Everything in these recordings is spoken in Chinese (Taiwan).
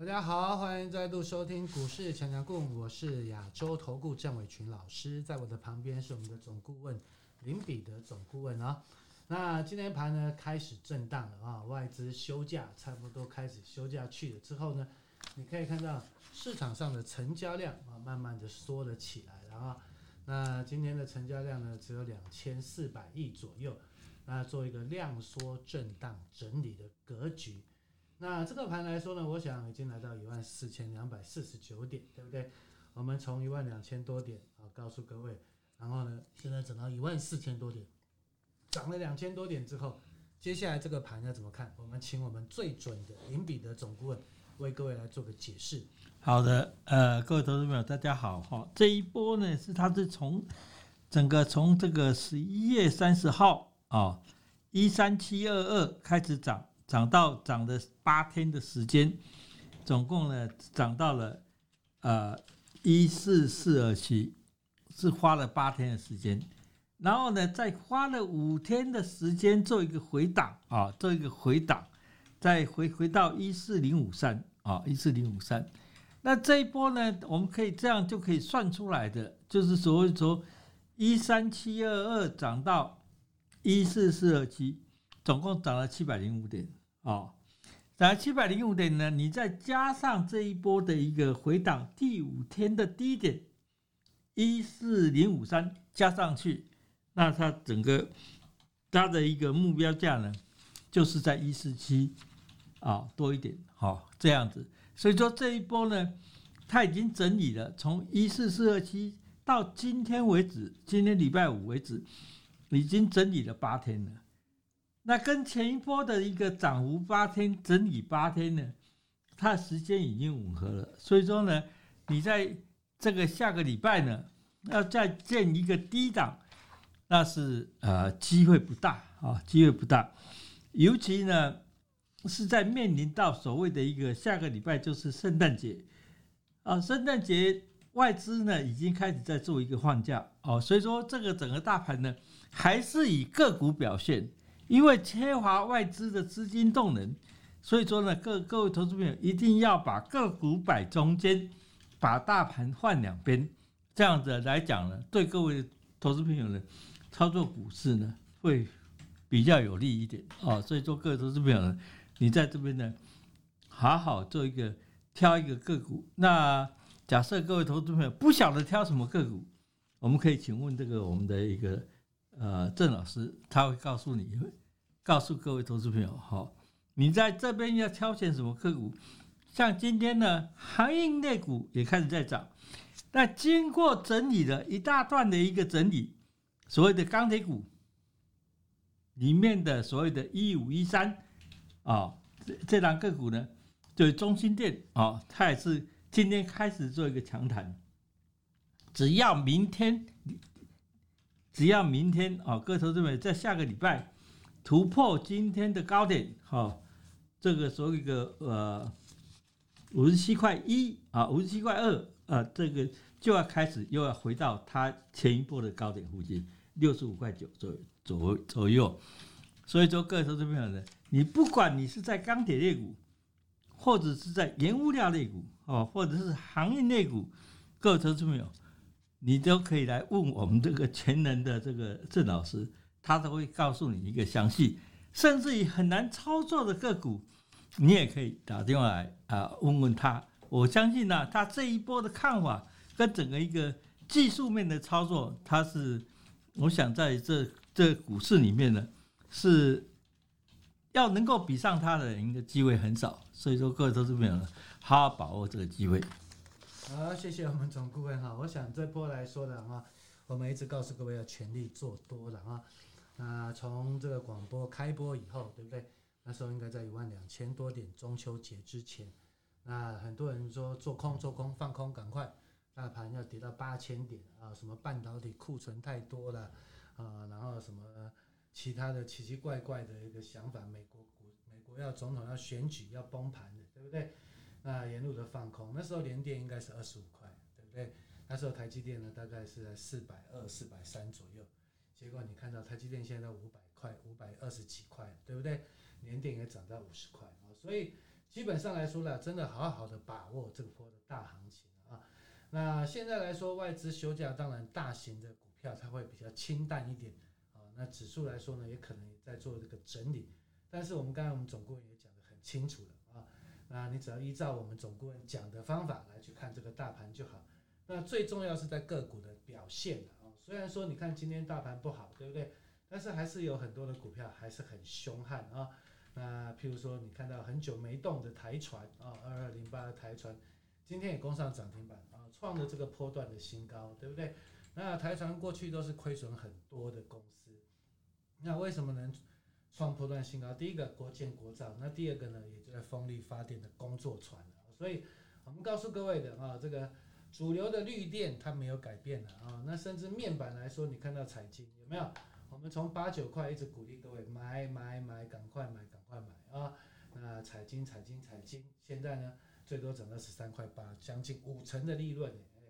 大家好，歡迎再度收聽股市強強滾，我是亞洲投顧鄭偉群老師，在我的旁邊是我們的總顧問林彼得總顧問啊、哦。那今天盤呢開始震盪了啊、哦，外資休假差不多開始休假去了之後呢，你可以看到市場上的成交量啊慢慢的縮了起來了啊、哦。那今天的成交量呢只有兩千四百億左右，那做一個量縮震盪整理的格局。那這個盤來說呢，我想已經來到一萬四千兩百四十九點，對不對？我們從一萬兩千多點啊，告訴各位，然後呢，現在漲到一萬四千多點，漲了兩千多點之後，接下來這個盤要怎麼看？我們請我們最準的銀幣的總顧問為各位來做個解釋。好的，呃，各位投資朋友大家好哈，哦，這一波呢是它是從整個從這個十一月三十號啊一三七二二開始漲。漲到漲的八天的時間，總共呢漲到了，呃，一四四二七，是花了八天的時間，然後呢，再花了五天的時間做一個回檔啊，做一個回檔，再回回到一四零五三啊，一四零五三。那這一波呢，我們可以這樣就可以算出來的，就是所謂從一三七二二漲到一四四二七，總共漲了七百零五點。啊、哦，然後七百零五點呢，你再加上這一波的一個回檔，第五天的低點一四零五三加上去，那它整個它的一個目標價呢，就是在一四七啊多一點，好、哦、這樣子。所以說這一波呢，它已經整理了從一四四二七到今天為止，今天禮拜五為止，已經整理了八天了。那跟前一波的一個漲幅，八天整理八天呢，它的時間已經吻合了。所以說呢，你在這個下個禮拜呢，要再建一個低檔，那是呃機會不大啊、哦，機會不大。尤其呢是在面臨到所謂的一個下個禮拜就是聖誕節啊、哦，聖誕節外資呢已經開始在做一個放假哦。所以說這個整個大盤呢，還是以個股表現。因為缺乏外資的資金動能，所以說呢，各各位投資朋友一定要把個股擺中間，把大盤換兩邊，這樣子來講呢，對各位投資朋友呢，操作股市呢會比較有利一點啊、哦。所以說各位投資朋友呢，你在這邊呢，好好做一個挑一個個股。那假設各位投資朋友不曉得挑什麼個股，我們可以請問這個我們的一個。呃，鄭老師他會告訴你，告訴各位投資朋友，哈、哦，你在這邊要挑選什麼個股？像今天呢，航運類股也開始在漲。那經過整理的一大段的一個整理，所謂的鋼鐵股裡面的所謂的一五一三啊，這這檔個股呢，就是中興電，啊、哦，它也是今天開始做一個強彈，只要明天。只要明天啊，各位投資朋友在下個禮拜突破今天的高點，啊，這個所謂一個呃五十七塊一啊，五十七塊二啊，這個就要開始又要回到它前一波的高點附近，六十五塊九左左左右。所以說，各位投資朋友呢，你不管你是在鋼鐵類股，或者是在原物料類股，哦，或者是航運類股，各位投資朋友。你都可以來問我們這個全能的這個鄭老師，他都會告訴你一個詳細，甚至於很難操作的個股，你也可以打電話來啊問問他。我相信呢、啊，他這一波的看法跟整個一個技術面的操作，他是我想在這這股市裡面呢，是要能夠比上他的人的機會很少，所以說各位投資朋友呢，好好把握這個機會。好，謝謝我們總顧問哈。我想這波來說的話，我們一直告訴各位要全力做多的哈。那從這個廣播開播以後，對不對？那時候應該在一萬兩千多點，中秋節之前。那很多人說做空做空放空趕快，大盤要跌到八千點啊！什麼半導體庫存太多了啊，然後什麼其他的奇奇怪怪的一個想法，美國股美國要總統要選舉要崩盤的，對不對？那沿路的放空，那時候聯電應該是二十五塊，對不對？那時候台積電呢，大概是在四百二、四百三左右。結果你看到台積電現在五百塊，五百二十幾塊，對不對？聯電也漲到五十塊啊。所以基本上來說呢，真的好好的把握這波的大行情啊。那現在來說，外資休假，當然大型的股票它會比較清淡一點啊。那指數來說呢，也可能在做這個整理。但是我們剛才我們總共也講得很清楚了。啊，你只要依照我們總顧問講的方法來去看這個大盤就好。那最重要是在個股的表現啊。雖然說你看今天大盤不好，對不對？但是還是有很多的股票還是很兇悍啊。那譬如說你看到很久沒動的台船啊，二二零八的台船，今天也攻上漲停板啊，創了這個波段的新高，對不對？那台船過去都是虧損很多的公司，那為什麼能？創波段新高，第一個國建國造，那第二個呢，也就在風力發電的工作船。所以，我們告訴各位的啊，這個主流的綠電它沒有改變了啊。那甚至面板來說，你看到彩晶有沒有？我們從八九塊一直鼓勵各位買買買，趕快買，趕快買啊、哦！那彩晶彩晶彩晶，現在呢，最多漲到十三塊八，將近五成的利潤，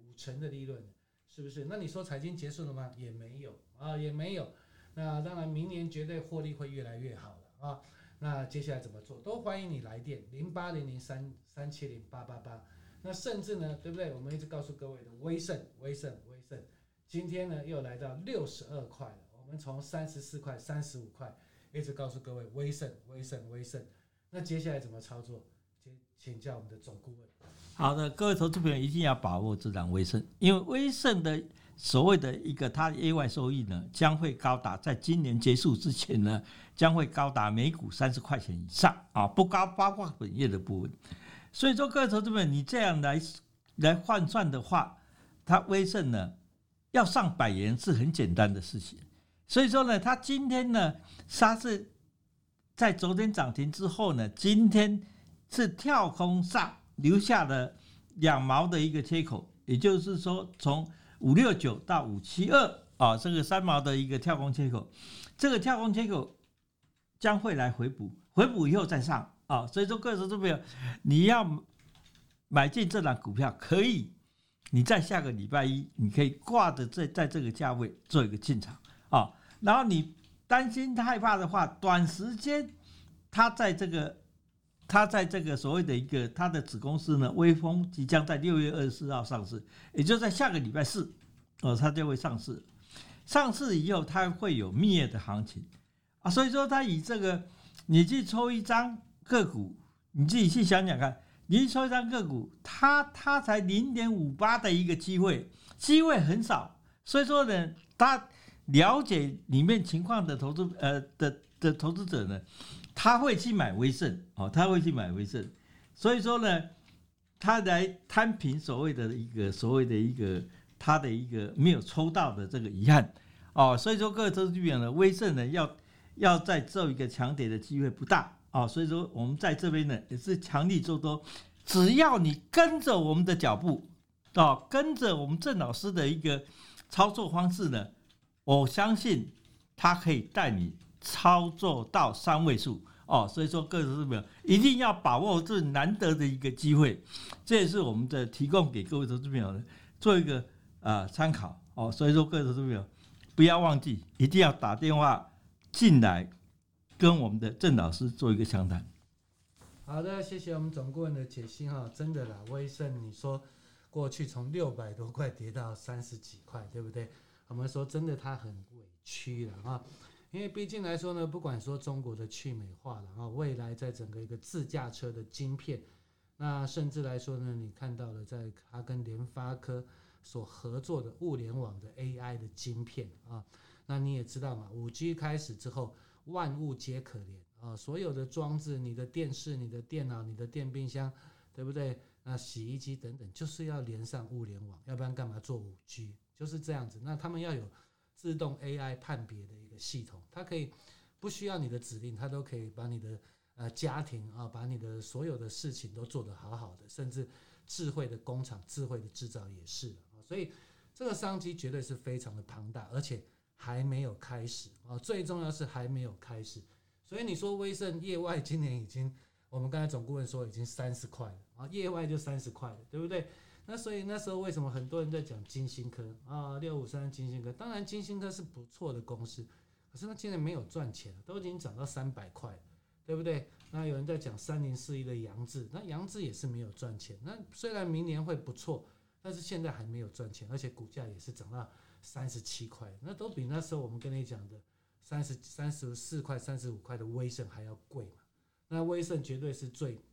五成的利潤，是不是？那你說彩晶結束了嗎？也沒有啊、哦，也沒有。那當然，明年絕對獲利會越來越好了啊！那接下來怎麼做？都歡迎你來電零八零零三三七零八八八。那甚至呢，對不對？我們一直告訴各位的威盛，威盛，威盛，今天呢又來到六十二塊了。我們從三十四塊、三十五塊一直告訴各位威盛，威盛，威盛。那接下來怎麼操作？請請教我們的總顧問。好的，各位投資朋友一定要把握這張威盛，因為威盛的所謂的一個，它業外收益呢，將會高達，在今年結束之前呢，將會高達每股三十塊錢以上啊！不高包括本業的部分。所以說，各位投資朋友，你這樣來來換算的話，它威盛呢要上百元是很簡單的事情。所以說呢，它今天呢，它是，在昨天漲停之後呢，今天。是跳空上留下的兩毛的一個缺口，也就是說從五六九到五七二啊，這個三毛的一個跳空缺口，這個跳空缺口將會來回補，回補以後再上啊、哦，所以說各位投資者，你要買進這檔股票可以，你在下個禮拜一你可以掛着在在這個價位做一個進場啊、哦，然後你擔心害怕的話，短時間它在這個。他在這個所謂的一個他的子公司呢，威風即將在六月二十四號上市，也就在下個禮拜四，哦，他就會上市。上市以後，他會有蜜月的行情啊，所以說，他以這個你去抽一張個股，你自己去想想看，你去抽一張個股，他他才零點五八的一個機會，機會很少。所以說呢，他了解裡面情況的投資呃的的投資者呢。他會去買威盛哦，他會去買威盛，所以說呢，他來攤平所謂的一個所謂的一個他的一個沒有抽到的這個遺憾哦，所以說各位投資者呢，威盛呢要要再做一個強點的機會不大哦，所以說我們在這邊呢也是強力做多，只要你跟着我們的腳步到跟着我們鄭老師的一個操作方式呢，我相信他可以帶你，操作到三位數哦，所以說各位投資朋友一定要把握這難得的一個機會，這也是我們的提供給各位投資朋友的做一個呃參考哦。所以說各位投資朋友不要忘記，一定要打電話進來跟我們的鄭老師做一個詳談。好的，謝謝我們總顧問的解析哈，真的啦，威盛你說過去從六百多塊跌到三十幾塊，對不對？我們說真的，他很委屈了哈。因為畢竟來說呢，不管說中國的去美化了啊，未來在整個一個自駕車的晶片，那甚至來說呢，你看到了在它跟聯發科所合作的物聯網的 AI 的晶片啊，那你也知道嘛，5G 開始之後萬物皆可連啊，所有的裝置，你的電視、你的電腦、你的電冰箱，對不對？那洗衣機等等，就是要連上物聯網，要不然幹嘛做 5G？就是這樣子，那他們要有。自動 AI 判別的一個系統，它可以不需要你的指令，它都可以把你的呃家庭啊，把你的所有的事情都做得好好的，甚至智慧的工廠、智慧的製造也是啊，所以這個商機絕對是非常的龐大，而且還沒有開始啊，最重要是還沒有開始，所以你說威盛業外今年已經，我們剛才總顧問說已經三十塊了啊，業外就三十塊了，對不對？那所以那時候為什麼很多人在講晶心科？啊？六五三晶心科。當然晶心科是不錯的公司，可是它現在沒有賺錢，都已經漲到三百塊，對不對？那有人在講三零四一的揚智，那揚智也是沒有賺錢。那雖然明年會不錯，但是現在還沒有賺錢，而且股價也是漲到三十七塊，那都比那時候我們跟你講的三十三十四塊、三十五塊的威盛還要貴嘛？那威盛絕對是最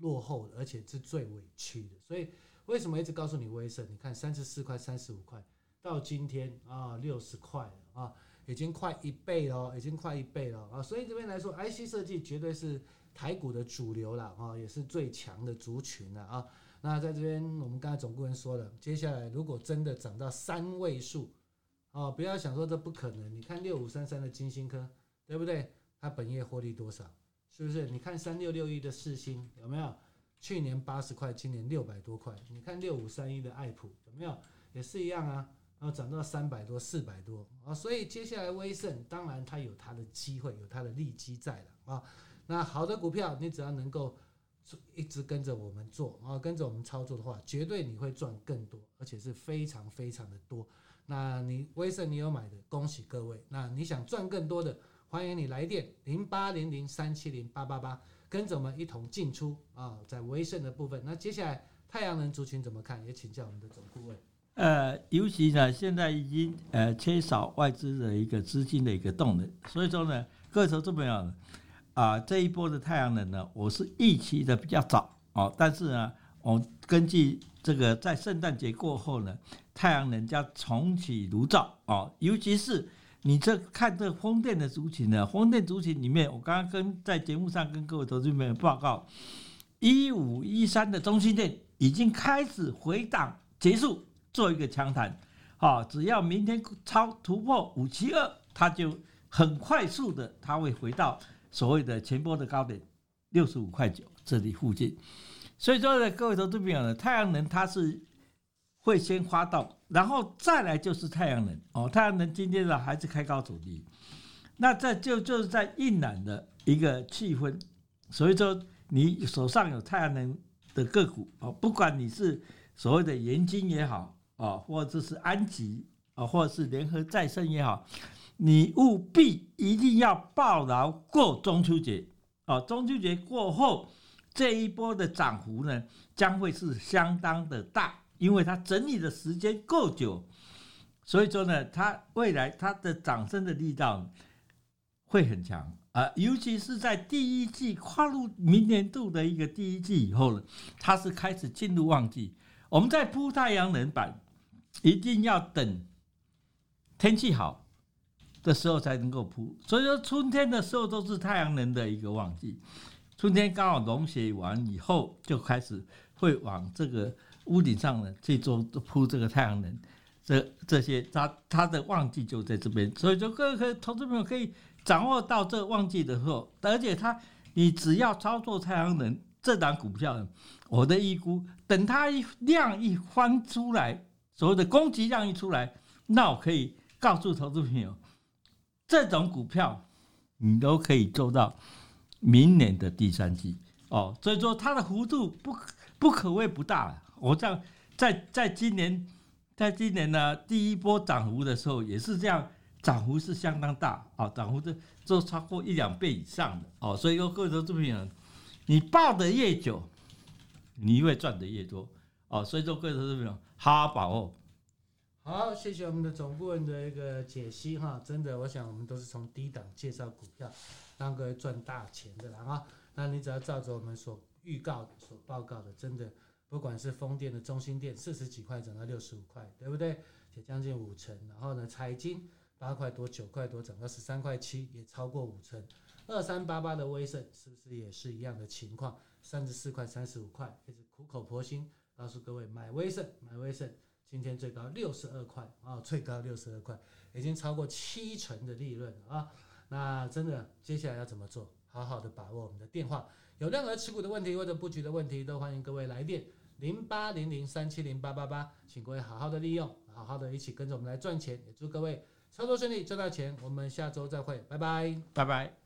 落後的，而且是最委屈的，所以。為什麼一直告訴你威盛？你看三十四塊、三十五塊，到今天啊六十塊啊，已經快一倍了，已經快一倍了啊！所以這邊來說，IC 設計絕對是台股的主流了啊，也是最強的族群了啊。那在這邊，我們剛才總顧問說了，接下來如果真的漲到三位數，啊，不要想說這不可能。你看六五三三的晶心科，對不對？它本月獲利多少？是不是？你看三六六一的世芯，有沒有？去年八十塊，今年六百多塊。你看六五三一的愛普怎麼樣？也是一樣啊，然後漲到三百多、四百多啊。所以接下來威盛，當然它有它的機會，有它的利基在了啊。那好的股票，你只要能夠一直跟着我們做，啊，跟着我們操作的話，絕對你會賺更多，而且是非常非常的多。那你威盛你有買的，恭喜各位。那你想賺更多的，歡迎你來電零八零零三七零八八八。跟着我們一同進出啊，在維盛的部分。那接下來太陽能族群怎麼看？也請教我們的總顧問。呃，尤其呢，現在已經呃缺少外資的一個資金的一個動能，所以說呢，各位怎麼樣？啊、呃，這一波的太陽能呢，我是預期的比較早哦，但是呢，我根據這個在聖誕節過後呢，太陽能將重啟爐灶啊、哦，尤其是。你這看這風電的族群呢？風電族群裡面，我剛剛跟在節目上跟各位投資朋友報告，一五一三的中興電已經開始回檔結束，做一個強彈啊，只要明天超突破五七二，它就很快速的，它會回到所謂的前波的高點六十五塊九這裡附近。所以說呢，各位投資朋友呢，太陽能它是。會先花到，然後再來就是太陽能哦。太陽能今天呢還是開高走低，那這就就是在印染的一個氣氛。所以說，你手上有太陽能的個股哦，不管你是所謂的元晶也好啊、哦，或者是安集啊、哦，或者是聯合再生也好，你務必一定要抱牢過中秋節哦。中秋節過後，這一波的漲幅呢，將會是相當的大。因為它整理的時間夠久，所以說呢，它未來它的漲升的力道會很強，啊、呃，尤其是在第一季跨入明年度的一個第一季以後呢，它是開始進入旺季。我們在鋪太陽能板，一定要等天氣好的時候才能夠鋪。所以說春天的時候都是太陽能的一個旺季，春天剛好融雪完以後就開始會往這個。屋頂上呢，去做鋪這個太陽能，這這些，它它的旺季就在這邊，所以說，各位投資朋友可以掌握到這個旺季的時候，而且它，你只要操作太陽能這檔股票，我的預估，等它一量一翻出來，所謂的攻擊量一出來，那我可以告訴投資朋友，這種股票，你都可以做到明年的第三季哦，所以說它的幅度不不可謂不大。我這樣在在今年，在今年呢，第一波漲幅的時候，也是這樣，漲幅是相當大啊，漲幅都都超過一兩倍以上的哦，所以說各位投資朋友，你抱的越久，你會賺的越多哦，所以說各位投資朋友，好好把握哦。好，謝謝我們的總顧問的一個解析哈，真的，我想我們都是從低檔介紹股票，讓各位賺大錢的啦啊，那你只要照着我們所預告、所報告的，真的。不管是風電的中心電，四十幾塊漲到六十五塊，對不對？也將近五成。然後呢，財經八塊多、九塊多漲到十三塊七，也超過五成。二三八八的威盛是不是也是一樣的情況？三十四塊、三十五塊，也是苦口婆心告訴各位，買威盛，買威盛，今天最高六十二塊啊，最高六十二塊，已經超過七成的利潤啊。那真的接下來要怎麼做？好好的把握我們的電話，有任何持股的問題或者布局的問題，都歡迎各位來電零八零零三七零八八八，8888, 請各位好好的利用，好好的一起跟着我們來賺錢，也祝各位操作順利，賺到錢。我們下周再會，拜拜，拜拜。